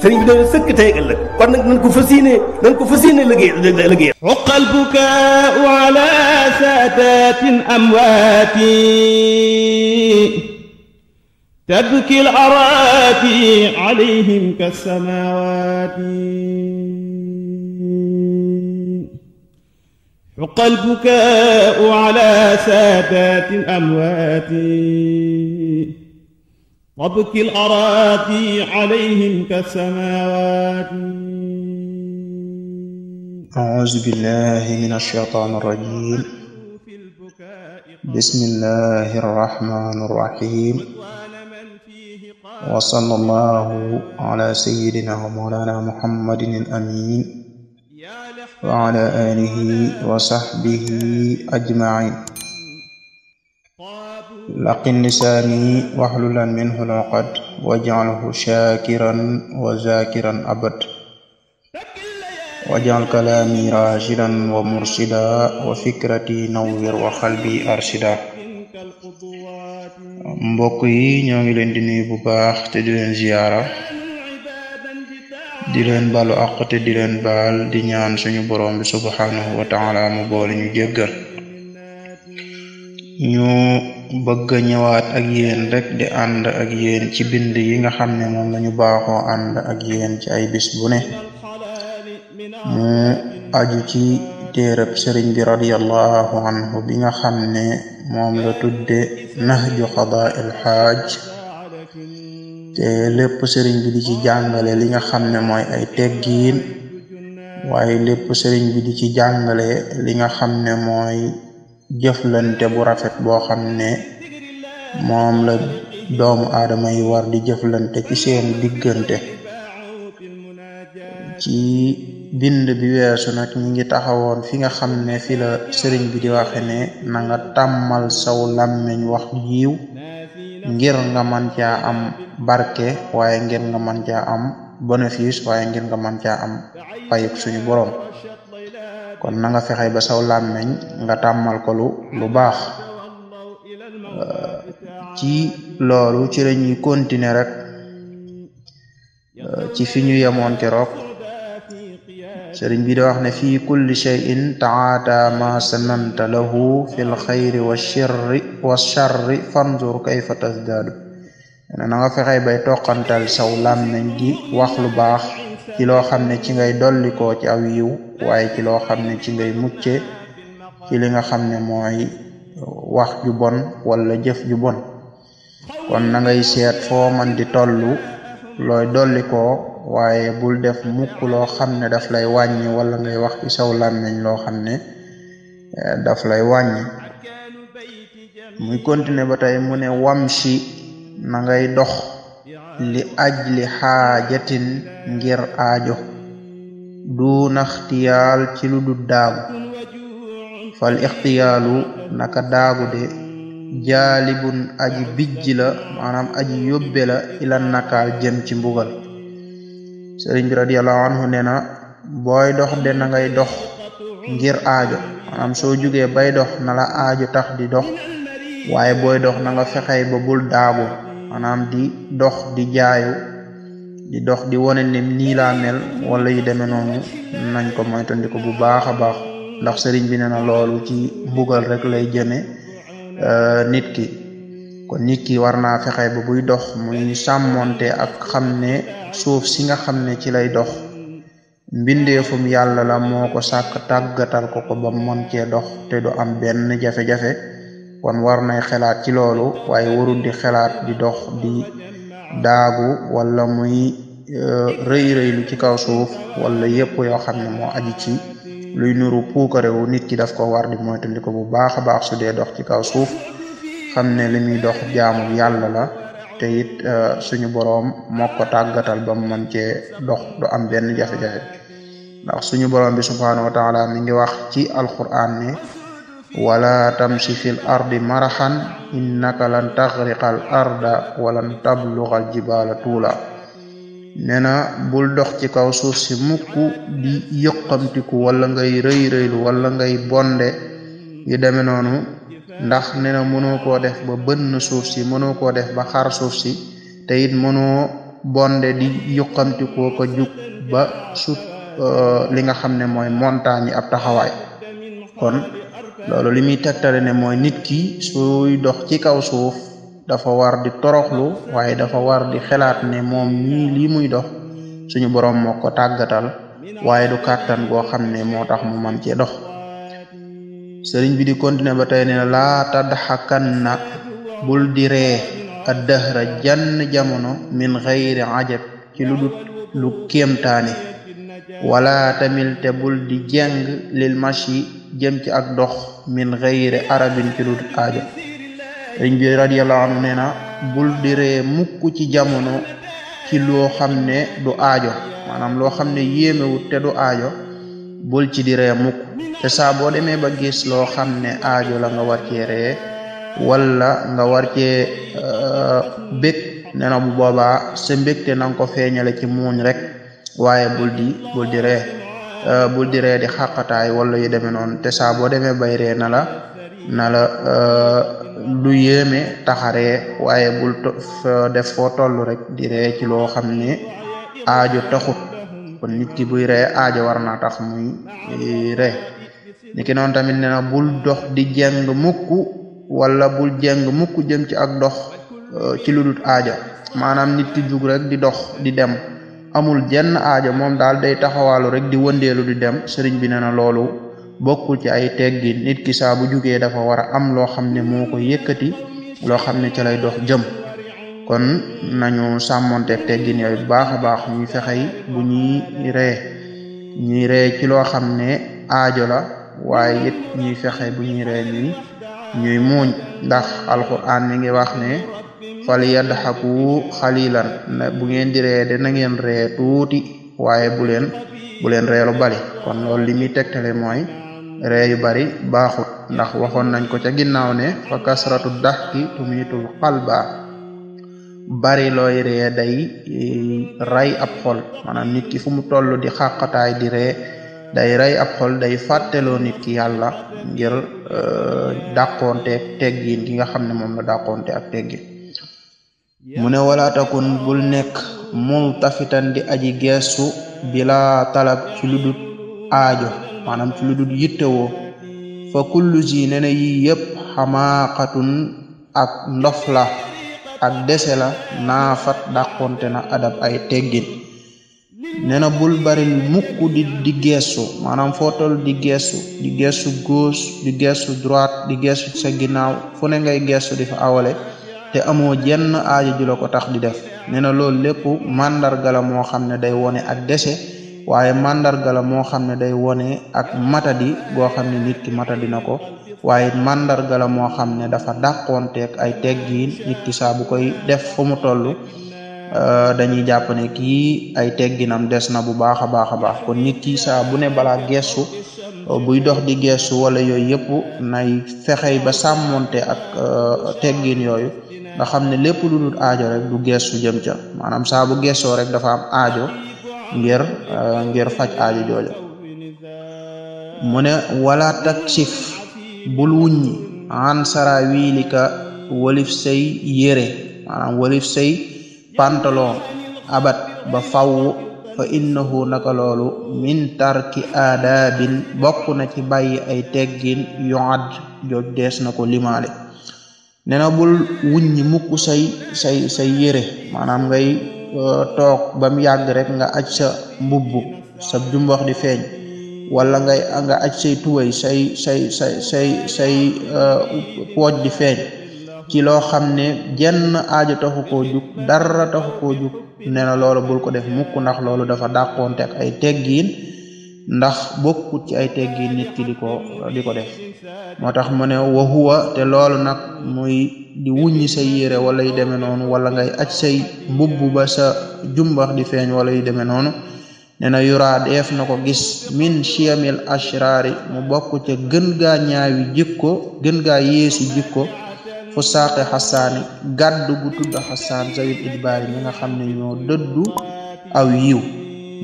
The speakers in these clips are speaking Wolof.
sëriñ bi dana sëkk tey ak ëllëg kon nag nañ ko fas yéene nañ ko fas yéene liggéey liggéey uqa albukaau ala saadatin amwaati tabki alaraati alayhim kasamawaati حق البكاء على سادات أمواتي وابكي الأراضي عليهم كالسماوات أعوذ بالله من الشيطان الرجيم بسم الله الرحمن الرحيم وصلى الله على سيدنا ومولانا محمد الأمين وعلى آله وصحبه أجمعين laqin lisaani waxlulan minhu loqad wajcalhu shaakiran wa zaakiran abad wajcal kalaami raashidan wa mursida wa fikrati nawwir wa xalbi arshida mbokk yi ñoo ngi leen di nuyu bu baax te di leen ziyaara di leen balu àq te di leen baal di ñaan suñu borom bi wa taala mu boole ñu jéggal ñu bëgg a ñëwaat ak yéen rek di ànd ak yéen ci bind yi nga xam ne moom lañu baaxoo ànd ak yéen ci ay bis bu ne mu aju ci téereb sëriñ bi radiallahu anhu bi nga xam ne moom la tudde nahju qadaa il xaaj te lépp sëriñ bi di ci jàngale li nga xam ne mooy ay teggiin waaye lépp sëriñ bi di ci jàngale li nga xam ne mooy jëflante bu rafet boo xam ne moom la doomu aadama yi war di jëflante ci seen diggante ci bind bi weesu nag ñi ngi taxawoon fi nga xam ne fi la bi di waxe ne na nga tàmmal saw làmmiñ wax yiw ngir nga man caa am barke waaye ngir nga man caa am bénéfice waaye ngir nga man caa am payuk suñu boroom kon nanga nga ba saw làmmeñ nga tàmmal ko lu lu baax ci loolu ci la ñuy continuer rek ci fi ñu yemoon keroog sëriñ bi da wax ne fii kulli shay'in taata ma sananta lahu fi l wa sharri wa sharri fanzur kayfa tasdaadu na nga fexe saw làmmeñ gi wax lu baax ci loo xam ne ci ngay dollikoo ci aw yiw waaye ci loo xam ne ci ngay mucce ci li nga xam ne mooy wax ju bon wala jëf ju bon kon na ngay seet foo man di tollu looy dollikoo waaye bul def mukk loo xam ne daf lay wàññi wala ngay wax ci saw làmmiñ loo xam ne eh, daf lay wàññi muy continuer ba tey mune ne wamshi na ngay dox li ajli xaajatin ngir aajo duuna ixtiyaal ci lu dul daagu fal ixtiyaalu naka daagu de jaalibun aji bijj la maanaam aji yóbbe la ila nakaal jëm ci mbugal sëriñ bi radiallahu anhu nee na booy dox de na ngay dox ngir aajo maanaam soo jugee bay dox na la tax di dox waaye booy dox na nga fexey ba bul daagu maanaam di dox di jaayu di dox di wane ne nii laa mel wala yu demee noonu nañ ko moytandiku bu baax a baax ndax sëriñ bi nee na loolu ci mbugal rek lay jëme euh, nit ki kon nit ki war naa fexe ba buy dox muy sàmmonte ak xam ne suuf si nga xam ne ci lay dox mbindeefum yàlla la moo ko sàkk tàggatal ko ko ba mën cee dox te du am benn jafe-jafe kon war nay xelaat ci loolu waaye warul di xelaat di dox di daagu wala muy euh, rëy rëylu ci kaw suuf wala yépp yoo xam ne moo aju ci luy nuru puukarewu nit ki daf ko war di moytandi ko bu baax a baax su dee dox ci kaw suuf xam ne li dox jaamu yàlla la te it euh, suñu boroom moo ko tàggatal bam mu mën cee dox du am benn jafe-jafe ndax suñu boroom bi subhaanahu wa taala mi ngi wax ci alquran ne wala tamshi fil ardi marahan naka lan taxriqal arda walan tabluxal jibaala tuula nee na bul dox ci kaw suuf si mukk di yëqamtiku wala ngay rëy wala ngay bonde yu demee noonu ndax nee na mënoo koo def ba bënn suuf si mënoo koo def ba xar suuf si te it mënoo bonde di yëqamtikoo ko jug ba sut euh, li nga xam ne mooy montagne yi ab taxawaay kon loolu li muy tegtale ne mooy nit ki suy dox ci kaw suuf dafa war di toroxlu waaye dafa war di xelaat ne moom ñii lii muy dox suñu borom moo ko tàggatal waaye du kàttan goo xam ne moo tax mu man ci dox sëriñ bi di continuer ba tey ne laa tadxakan na bul di ree ad dahra jann jamono min xayri ajab ci lu dut lu kéemtaane wala tamil te bul di jeng lil mashi jëm ci ak dox min xeyre arabin ci dut aajo sëriñ bi radiyallahu anhu na bul di ree mukk ci jamono ci loo xam ne du aajo maanaam loo xam ne yéemewut te du aajo bul ci di ree mukk te saa boo demee ba gis loo xam ne aajo la nga war cee ree wala nga war cee euh, bég nee na bu boobaa sa mbégte na ko feeñale ci muuñ rek waaye bul di ree Euh, bul di ree di xàqataay wala yu demee noonu te saa boo demee bay ree na la na la lu euh, yéeme taxaree waaye bul def foo tollu rek di ree ci loo xam ne aajo taxut kon nit ki buy ree aajo war naa tax muy ree ni ki noonu tamit nee na bul dox di jeng mukk wala bul jeng mukk jëm ci ak dox euh, ci lu dul maanaam nit ki jug rek di dox di dem amul jenn aajo moom daal day taxawaalu rek di wëndeelu di dem sëriñ bi na na loolu bokkul ci ay teggi nit ki saa bu jugee dafa war a am loo xam ne moo ko yëkkati loo xam ne ca lay dox jëm kon nañu sàmmonte teggin yooyu bu baax a baax ñuy fexey bu ñuy ree ñuy ree ci loo xam ne aajo la waaye it ñuy fexe bu ñuy ree ñuy ñuy muuñ ndax alquran mi ngi wax ne fal yadxaku xalilan na bu ngeen di ree de na ngeen ree tuuti waaye bu leen bu leen ree bari kon loolu li muy tegtale mooy ree yu bari baaxut ndax waxoon nañ ko ca ginnaaw ne fa kasratu daxki tumiitul xalba bari looy ree day ray ab xol maanaam nit ki fu mu toll di xàqataay di ree day rey ab xol day fàtteloo nit ki yàlla ngir euh, dàqoonte ak teggin gi nga xam ne moom la dàqoonte ak teggi mu ne wala takun bul nekk tafitan di aji geestu bila talab ci lu dut aajo maanaam ci lu dut yittewoo fa kullu ji ne na yii yëpp ak ndof la ak dese la naafat dàqonte na adab ay teggin nee na bul bari mukk di di geestu maanaam footol di geestu di geestu gauche di geestu droite di geestu ci sa ginnaaw fu ne ngay geestu di fa awale te amoo jenn aajo ju ko tax di def nee na loolu lépp màndargala moo xam ne day wone ak dese waaye màndargala moo xam ne day wone ak matadi goo xam ne nit ki matadi na ko waaye màndarga moo xam ne dafa dàqoonteeg ay teggiin nit ki saa bu koy def fu mu toll euh, dañuy jàpp ne kii ay tegginam des na bu baax a baax a baax kon nit ki saa bu ne balaa gestu euh, buy dox di gestu wala yooyu yëpp nay fexey ba sàmmoonte ak euh, teggin yooyu nga xam ne lépp lu dul aajo rek du gestu jëm ca maanaam saabu bu gestoo rek dafa am aajo ngir euh, ngir faj aajo jooja mu ne wala taksif bul wuññi an sara wiilika walif say yére maanaam walif say pantalon abat ba faw fa innahu naka loolu min tarki aadaabin bokk na ci bàyyi ay teggin yuad jooj dees na ko limaale nena na wuñ ni mukk say say say yére maanaam ngay uh, toog ba mu yàgg rek nga aj sa mbubb sa jumbax di feeñ wala ngay nga aj say tuway say say say say say uh, pooj di feeñ ci loo xam ne jenn aajo taxu koo jug dara taxu koo jug nee na loolu bul ko def mukk ndax loolu dafa dàqoonte ay teggiin ndax bokkut ci ay teggi nit ki di ko di ko def moo tax mu ne wa te loolu nag muy di wuññi sa yére wala yu demee noonu wala ngay aj say mbubb sa jumbax di feeñ wala yu demee noonu ne na yuraa na ko gis min chiamil ashraari mu bokk ca gën gaa ñaawi jikko gën gaa yéesi jikko fu saaqe xasaani gàddu gu tudd xasaan zawil idbaari mi nga xam ne ñoo dëddu aw yiw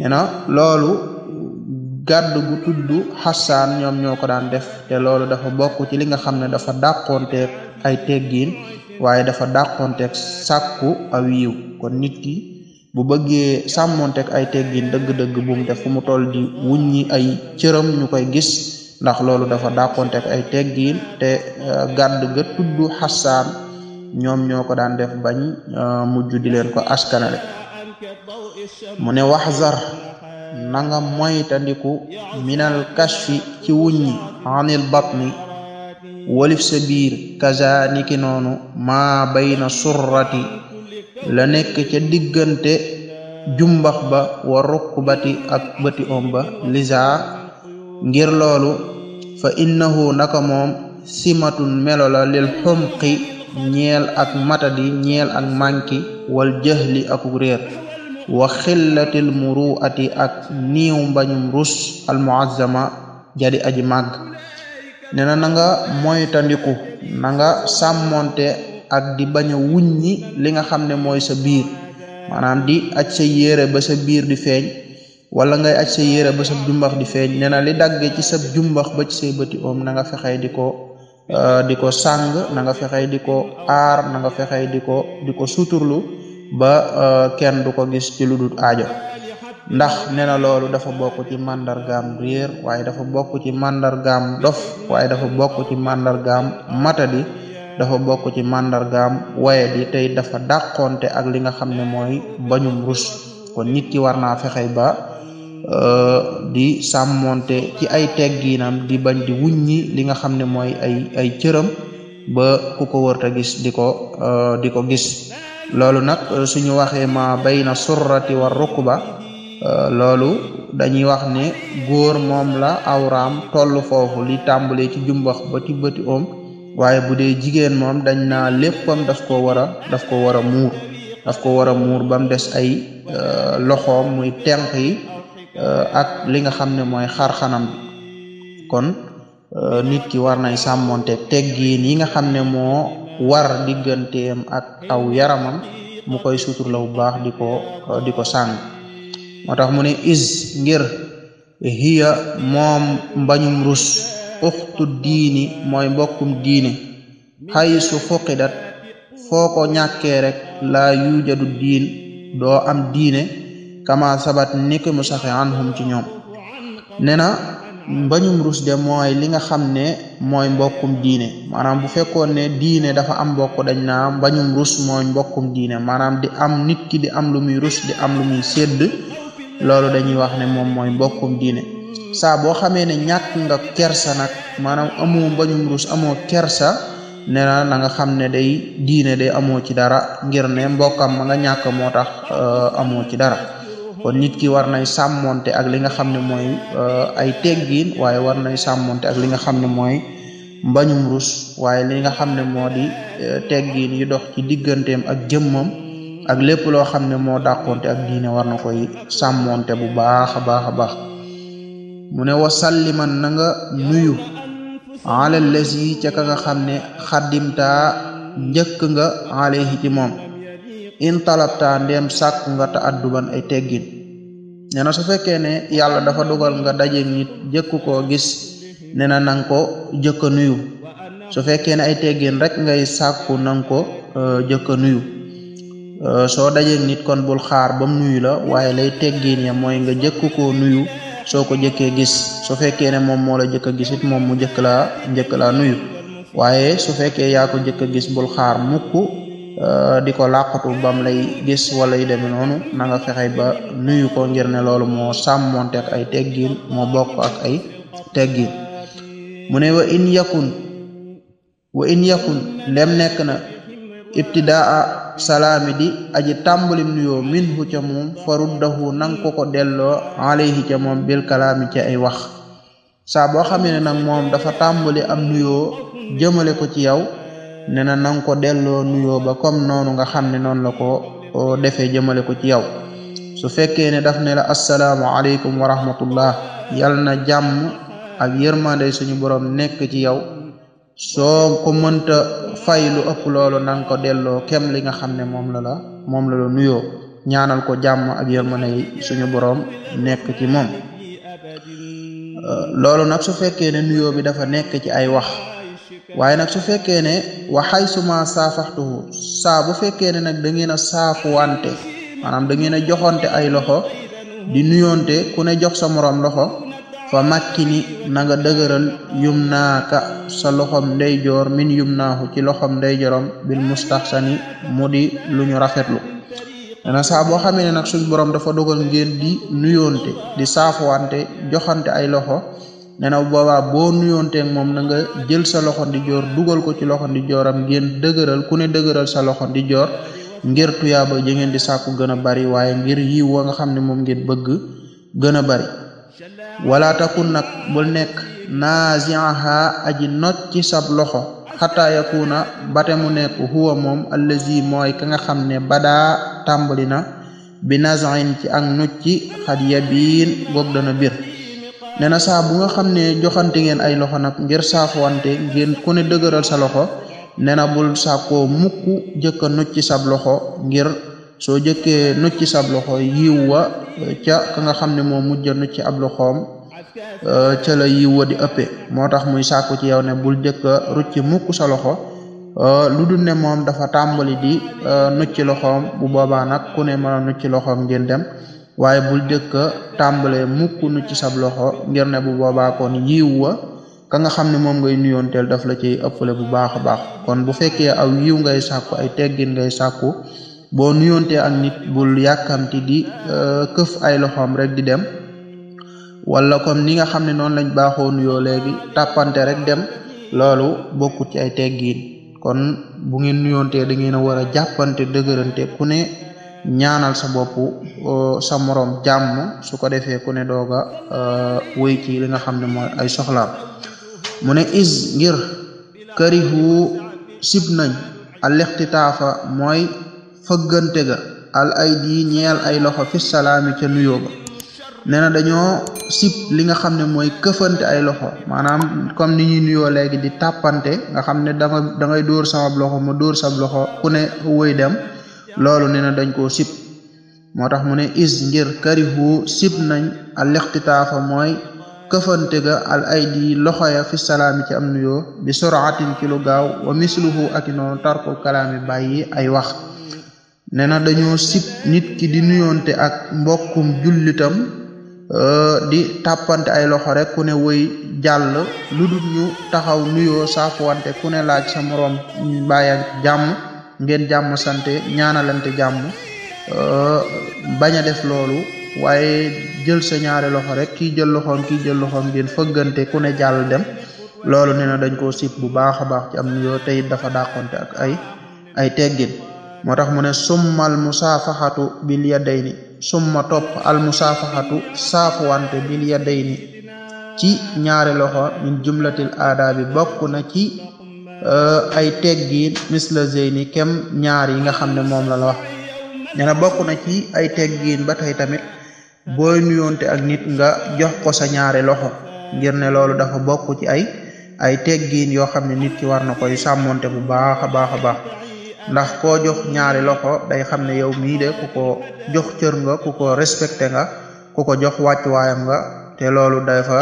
ne loolu gàdd gu tudd xasaan ñoom ñoo ko daan def te loolu dafa bokk ci li nga xam ne dafa dàqoonteeg ay teggiin waaye dafa dàqoonteeg sàkku aw yiw kon nit ki bu bëggee sàmmoonteeg ay teggiin dëgg-dëgg bu def fu mu toll di wuññi ay cëram ñu koy gis ndax loolu dafa dàqoonteeg ay teggiin te euh, gàdd ga tudd xasaan ñoom ñoo ko daan def bañ euh, mujj di leen ko askanale mu ne wax nanga moytandiku minal kashfi ci wuññi anil batni walif sa biir kaza niki noonu maa bayna surrati la nekk ca diggante jumbax ba wa rukbati ak bëti om ba lisa ngir loolu fa innahu naka moom simatun melo lil xumqi ñeel ak matadi ñeel ak manki wal jahli ak réer wa xillatil muruati ak niiw mbañum rus almuazzama jadi aji màgg nena nanga na nga moytandiku na nga sàmmonte ak di bañ wuñ ni li nga xam ne mooy sa biir maanaam di aj sa yére ba sa biir di feeñ wala ngay aj sa yére ba sa jumbax di feeñ nena li daggee ci sa jumbax ba ci say bëti oom na nga di ko euh, di ko sàng na nga fexey di ko aar nanga nga di ko di ko suturlu ba euh, kenn du ko gis ci lu dul aajo ndax nee na loolu dafa bokk ci màndargam réer waaye dafa bokk ci màndargam dof waaye dafa bokk ci màndargaam matadi dafa bokk ci màndargaam waaye tey dafa dàqonte ak li nga xam ne mooy bañum rus kon nit ki war naa fexe ba euh, di sàmmonte ci ay teggiinam di bañ di wuññi li nga xam ne mooy ay ay cëram ba ku ko wërta gis di ko euh, di ko gis loolu nag eh, suñu waxee ma bayna surrati wa rukba eh, loolu dañuy wax ne góor moom la awraam tollu foofu li tàmbalee ci jumbax ba ci bëti waaye bu dee jigéen moom dañ naa léppam daf ko war a daf ko war a muur daf ko war a muur bam des ay eh, loxoom muy tenq yi ak li nga xam ne mooy xarxanam kon nit ki war nay sàmmonte teggiin yi nga xam ne moo war digganteem ak aw yaramam mu koy suturla bu baax di ko di ko sàng moo tax mu ne is ngir hiya moom mbañum rus uxtu diini mooy mbokkum diini xay su fuqidat foo ko ñàkkee rek laa yujadu diin doo am diine kama sabat ni ko mu saxe anhum ci ñoom nee mbañum ruus de mooy li nga xam ne mooy mbokkum diine maanaam bu fekkoon ne diine dafa am mbokk dañ naa mbañum rus mooy mbokkum diine maanaam di am nit ki di am lu muy ruus di am lu muy sedd loolu dañuy wax ne moom mooy mbokkum diine saa boo xamee ne ñàkk nga kersa nag maanaam amu mbañum ruus amoo kersa ne na na nga xam ne day diine day amoo ci dara ngir ne mbokkam ma nga ñàkk moo tax euh, amoo ci dara kon nit ki war nay sàmmonte ak li nga xam ne mooy euh, ay teggiin waaye war nay sàmmonte ak li nga xam ne mooy mbañum rus waaye li nga xam ne moo di euh, teggiin yu dox ci digganteem ak jëmmam ak lépp loo xam ne moo dàqonte ak diine war na koy sàmmonte bu baax a baax a baax mu ne wa salliman na nga nuyu ala les yi ca nga xam ne xaddimtaa njëkk nga alayhi ci moom in talabta ndem sàkk nga ta adduban ay teggin nee na su fekkee ne yàlla dafa dogal nga dajeeg nit jëkk ko gis nee na nang ko jëkk nuyu su fekkee ne ay teggin rek ngay sàkku nang ko euh, jëkk a nuyu euh, soo dajeeg nit kon bul xaar bam nuyu la waaye lay teggin ya mooy nga jëkk ko nuyu soo ko jëkkee gis su fekkee ne moom moo la jëkk a gis it moom mu jëkk laa jëkk laa nuyu waaye su fekkee yaa ko gis bul xaar mukk Euh, di ko làqatu bam lay gis wala yu demee noonu na nga fexe ba nuyu ko ngir ne loolu moo sàmmonte ak ay teggin moo bokk ak ay mu ne wa in yakun wa in yakun ndem nekk na ibtidaa salaami di aji tàmbalim nuyoo minhu ca moom faruddahu nang ko ko delloo alayhi ca moom bil kalaami ci ay wax saa boo xamee ne nag moom dafa tàmbali am nuyoo jëmale ko ci yow ne na nang delloo nuyoo ba comme noonu nga xam ne noonu la ko defee jëmale ko ci yow su fekkee ne daf ne la assalaamu aleykum wa rahmatullah yal na jàmm ak yërmande suñu borom nekk ci yow soo ko mënta fay lu delloo kem li nga xam ne moom la moom la la nuyoo ñaanal ko jàmm ak yërmande suñu borom nekk loolu nag su fekkee ne nuyoo bi dafa nekk ci ay wax waaye nag su fekkee ne wa xaysuma saafaxtuhu saa bu fekkee ne nag dangeen ngeen a saafuwante maanaam da ngeen a joxonte ay loxo di nuyoonte ku ne jox sa moroom loxo fa makki ni na nga dëgëral yum naaka sa loxom ndeyjoor min yum naahu ci loxom ndeyjooram bil mustaxsani mu di lu ñu rafetlu dana saa boo xamee ne nag suñ borom dafa dogal ngeen di nuyoonte di saafuwante joxante ay loxo nee na boobaa boo nuyoonteeg moom na nga jël sa loxo di joor dugal ko ci loxo di jooram ngeen dëgëral ku ne dëgëral sa loxo di joor ngir tuyaaba ji ngeen di sàkku gën a bari waaye ngir yiw wa nga xam ne moom ngeen bëgg gën a bari wala takun nag bul nekk naziaha aji not ci sab loxo xataa yakuna bate mu nekk huwa moom allazi mooy ka nga xam ne badaa tàmbali na bi nazain ci ak not ci xad yabiin goog dana bir nee na saa bu nga xam ne joxanti ngeen ay loxo nag ngir saafowante ngeen ku ne dëgëral sa loxo nee na bul sàkkoo mukk jëkk a nucci sab loxo ngir soo jëkkee nucci sab loxo yiw wa euh, ca ka nga xam ne moom mujj a nucci ab loxoom euh, ca la yiw di ëppe moo tax muy saako ci yow ne bul jëkk a rucci mukk sa loxo euh, lu dul ne moom dafa tàmbali di nucci loxoom bu boobaa nag ku ne mën a nucci loxoom ngeen dem waaye bul jëkka tàmbalee mukk nu ci sab loxo ngir ne bu boobaa kon yiw wa ka nga xam ne moom ngay nuyoonteel daf la ciy ëppale bu baax a baax kon bu fekkee aw yiw ngay sàkku ay teggin ngay sàkku boo nuyoontee ak nit bul yàkkamti di e, këf ay loxoom rek di dem wala kon ni nga xam ne noonu lañ baaxoo nuyoo léegi tàppante rek dem loolu bokkut ci ay teggiin kon bu ngeen nuyoontee da ngeen a war a jàppante dëgërante ku ne ñaanal sa bopp uh, sa morom jàmm su ko defee ku ne doog a uh, wéy ci li nga xam ne mooy ay soxlaam mu ne is ngir karihu sib nañ al ixtitaafa mooy fëggante ga al ay di ñeel ay loxo fi salaami ca nuyoo ba nee na dañoo sib li nga xam ne mooy këfante ay loxo maanaam comme ni ñuy nuyoo léegi di tàppante nga xam ne danga da ngay dóor sama loxo ma dóor sab loxo ku ne wëy dem loolu nee na dañ koo sib moo tax mu ne is ngir karihu sib nañ al ixtitaafa mooy këfante ga al aydi loxo ya fi salaami ci am nuyoo bi suraatin ci lu gaaw wa misluhu ak noonu tarku kalaami bàyyi ay wax nee na dañoo sib nit ki di nuyoonte ak mbokkum jullitam euh, di tàppante ay loxo rek ku ne woy jàll lu ñu taxaw nuyoo saafuwante ku ne laaj sa moroom bàyyi ak jàmm ngeen jàmm sante ñaanalante jàmm euh, bañ a def loolu waaye jël sa ñaari loxo rek kii jël loxoom kii jël loxoom ngeen fëggante ku ne jàll dem loolu nee na dañ koo sib bu baax a baax ci am tey dafa dàqonte ak ay teggin moo tax mu ne summa al musaafaxatu bil yadayni summa topp al musaafaxatu saafuwante bil yadayni ci ñaari loxo jumlatil aada bi bokk na ci Euh, ay teggiin misla zeyni kem ñaar yi nga xam ne moom la la wax nee bokk na ci ay teggiin ba tey tamit booy nuyoonte ak nit nga jox ko sa ñaari loxo ngir ne loolu dafa bokk ci ay ay teggiin yoo xam ne nit ki war na koy sàmmonte bu baax a baax a baax ndax koo jox ñaari loxo day xam ne yow mii de ku ko jox cër nga ku ko respecté nga ku ko jox wàccuwaayam nga te loolu dafa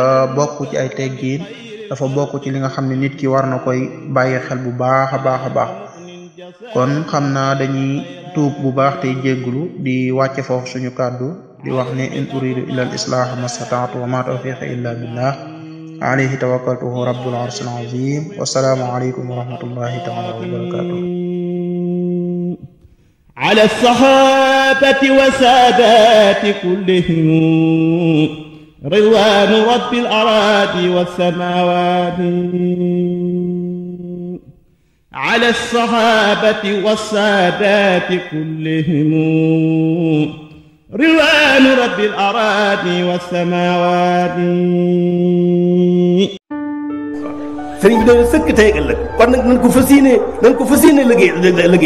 euh, bokk ci ay teggiin dafa bokk ci li nga xam ne nit ki war na koy bàyyi xel bu baax a baax a baax kon xam naa dañuy tuub bu baax te jégglu di wàcce foofu suñu kàddu di wax ne in uridu illa al islaah mastataatu wa ma tawfiqi illa billah alayhi tawakkaltuhu rabbul arsil azim wasalaamu aleykum wa rahmatullahi taala wa barakatuh ala sahabati wa saadati kullihim ridwaanu rabbil araadi wassamaawaati ala saxaabati wassaadaati kullihim ridwaanu rabbil araadi wassamaawaati. sëriñ bi de sëkk tey ëllëg kon nag nañ ko fas yéene nañ ko fas yéene liggéey liggéey.